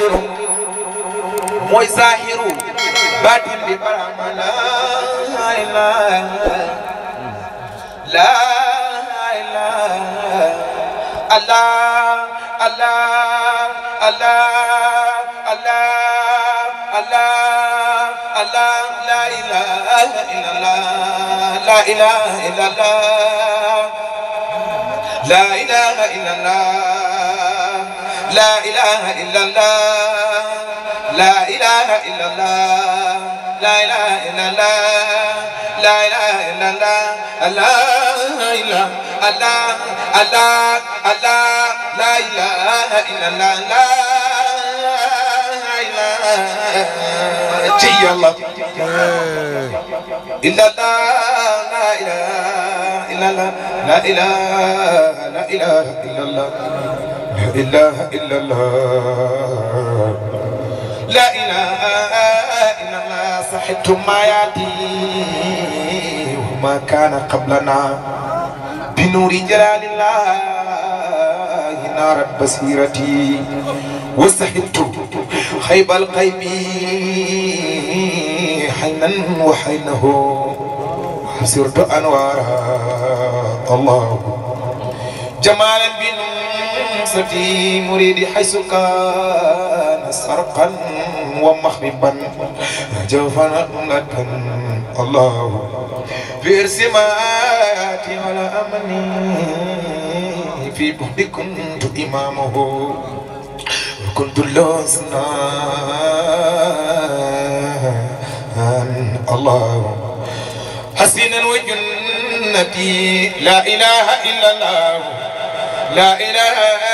muqiru mooy zahiru baatin bi barama la ilaha la ilaha allah allah allah allah allah allah la ilaha illallah la ilaha illallah la ilaha illallah لا إله إلا الله لا إله إلا الله لا إله إلا الله لا إله إلا الله الله إله الله الله الله لا إله إلا الله لا إله إلا الله إلا الله لا إله إلا الله لا إله لا إله إلا الله إله إلا الله لا إله إلا الله صحت ما يأتي وما كان قبلنا بنور جلال الله نار بصيرتي وصحت خيب القيم حينا وحينه حسرت أنوارها الله جمال قصتي مريد حيث كان سرقا ومخربا جوفا لكا الله بإرسماتي على أمني في بحر كنت إمامه وكنت لوزنا الله حسنا وجنتي لا إله إلا الله لا إله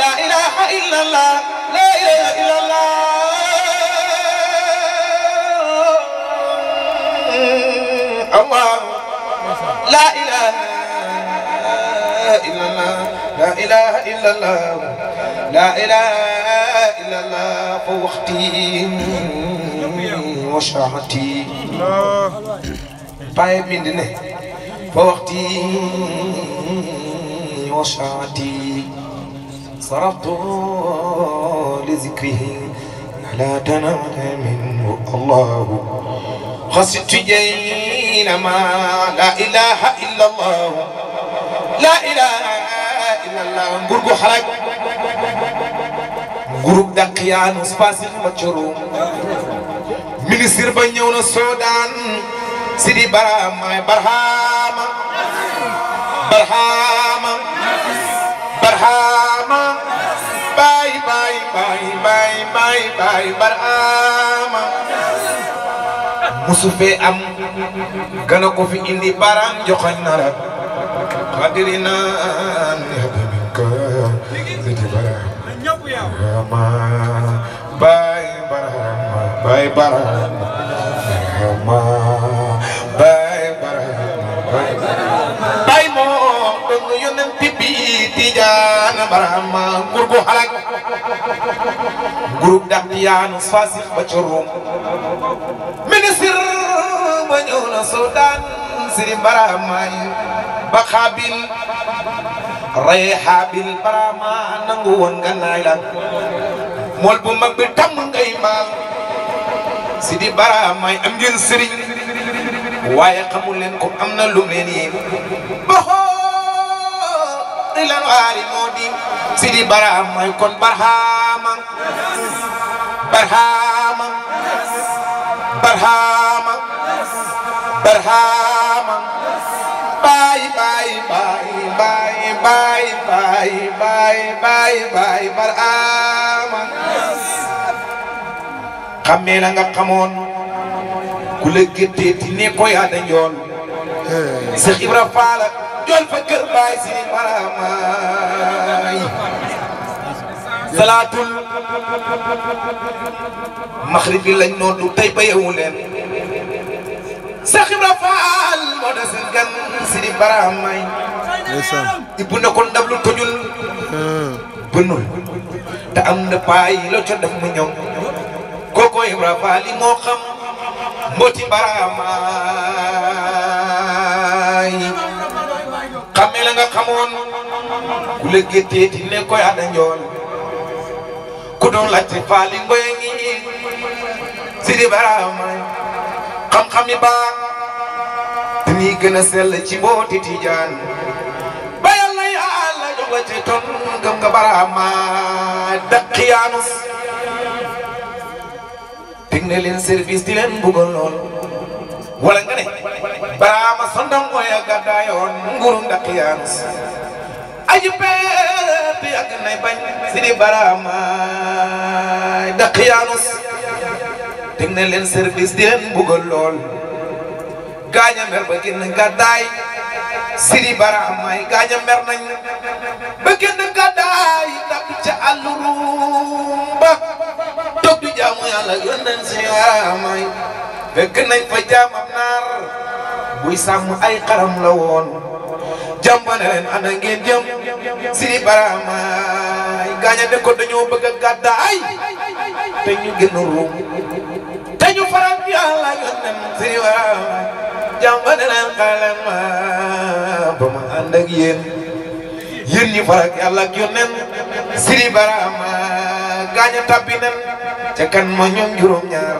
لا إله إلا الله لا إله إلا الله لا إله إلا الله لا إله إلا الله لا إله إلا الله وقتي وشعتي طيب من دنه فوقتي وشعتي صرفت لذكره لا تنام منه الله خسرت ما لا إله إلا الله لا إله إلا الله غرق حرق غرق دقيان سباسي مجروم من سير بنيون السودان سيدي برهام برهام برهام baay baraama musu fee am gën a ko fi indi baraam joxoñ na la xadiri naan yabimin ka sidi baay baraama baay baraama tijaana barama nguur gu xalak groupe dax di yaanu fasix ba ca Ruum ministre ba ñëw na Sudan siri baramaay ba xaabil rey xaabil barama nangu woon nga naay la mool bu mag bi tàmm ngay maam sidi baramaay am ngeen sëriñ waaye xamul leen ko am na lu leen di lan moo di sidi baraam mooy kon barhaama barhaama barhaama barhaama baay baay baay baay nga xamoon ku la géttee ti ne ko yaa da njool eh. doon fa kër baay si maraamaay salaatul maxrib bi lañ noonu tey ba yeewu leen Seex Ibra moo da seen gan Sidi Barahamay ibbu na ko ndab lu tojul hmm. bënul te am na paay loo ca def mu ñëw kooko Ibra Faal yi moo xam mbooti Barahamay nga xamoon ku la gétteeti ne koy ada ku doon laajte faali mboy ngi sidi baraama xam-xam yi te nii gën a sell ci mbooti tijaan ba yàlla yàlla jox la ci ton nga baraama daqiyaanus teg na leen service di leen bëggoon lool wala nga ne barama sondong oya gaddayon ngurum dakiyans Ayu peet yàgg nay bany sidi barama dakiyanus teg na service dien bugol lol Ganya mer bagin génn gàddaay sidi baramaay gaaña mer nañ bagin génn gàddaay dab ca àllu rumba di jamu yàlla yónneen si baramaay fekk nañ fa jaamam buy sàmm ay xaram la woon jàmbane leen ana ngeen jëm siri baramaay gaaña ne ko dañoo bëgg a gàddaay te ñu gën a ruum te ñu faral di yàlla yónnem siri baramaay jàmbane leen xalam ba ma ànd ak yéen yéen ñi faral di yàlla ak siri baramaay gaaña tabbi nen ca kan ma ñoom juróom-ñaar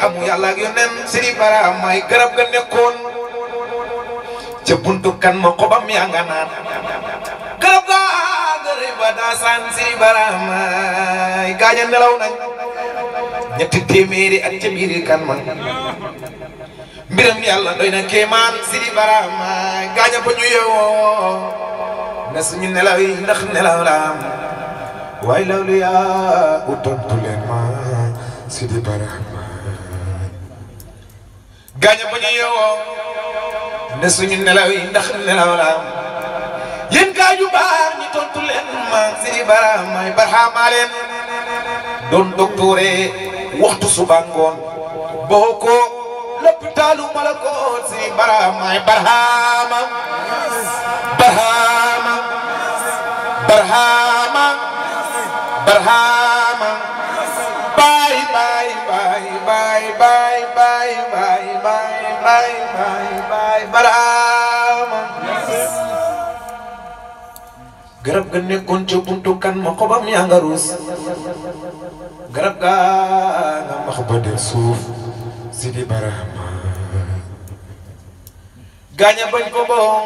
jaamu yàlla ak yoneen Sëriñ Bara may garab ga nekkoon ca buntu ma xobam yaa nga naan garab ga gërëy ba daasaan Sëriñ Bara may gaaña nelaw nañ ñetti téeméeri ak ca biir ma mbiram yàlla doy na kéemaan Sëriñ Bara may gaaña ba ñu yeewoo ne suñu nelaw yi ndax nelaw la am waaye loolu yaa utontu leen ma Sidi Bara gaañu bu ñu yeewoo ne suñu nelaw yi ndax nelaw la yéen gaañu baar ñi tontu leen man si bara may barxaamaa leen doon doctoré waxtu suba ngoon boo ko lopitaalu malakoot si bara may barxaama barxaama barxaama barxaama bye bye bye bye bye bye bye bye baraama garab ga kunci ca buntu kan ma xobam yaa nga ruus garab ga nga max ba suuf si di baraama gaaña bañ ko boom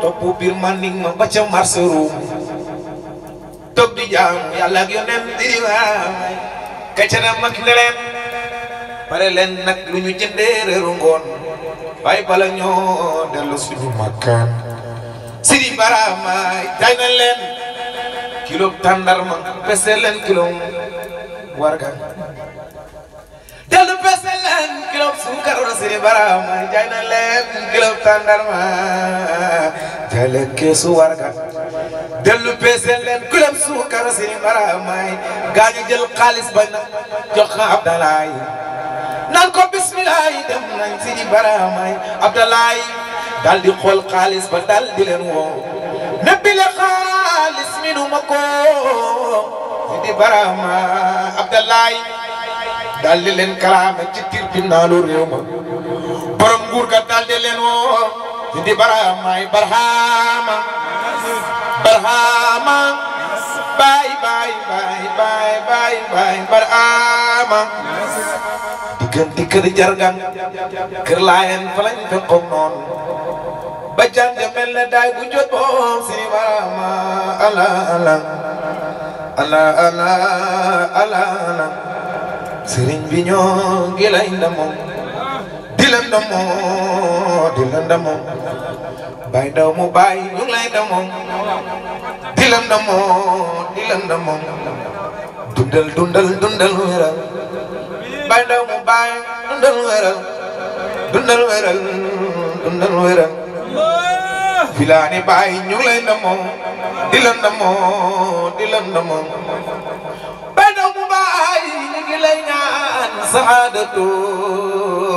topp biir manding ma ba ca marché ruum toog di jaam yàlla ya ak yonent di waay kacca na mag ne pare leen nag lu ñu jëndee réeru ngoon waaye bala ñoo dellu suñu makkaan sidi barama jaay na leen kilo tàndarma pese leen kilo warga dellu pese leen kilo suukar na sidi barama jaay na leen kilo tàndarma jaay leen keesu warga دلو بيسن لن كلم سوكر سي مراماي غادي ديال القالص بنا جوخ عبد الله نانكو بسم الله دم نانسي مراماي عبد الله دال دي خول قالص بنا دال دي لن وو نبي لخالص منو مكو دي براما عبد الله دال دي لن كلام جتير بنالو ريوما برمغور كتال دي لن وو دي براماي برهام baay baay baay baay baay baay baraama diggante kër jargan kër laayen fa lañ fekkoon noonu ba jànge daay bu jot moom ala ala ala ala ala sëriñ bi ñoo ngi lay ndamoom di la ndamoo di la di la dundal dundal dundal wéral daw mu bay dundal wéral dundal wéral dundal wéral filaani bay ñu lay ndamoo di la di la ndamoo daw mu bay ñu ngi saadatu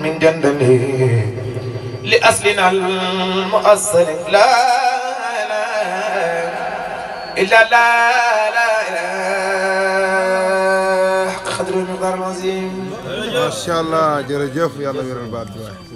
من جندلي لأصلنا المؤصل لا لا إلا لا لا لا قدر المقدار العظيم ما شاء الله جرجف يلا ويرن بعد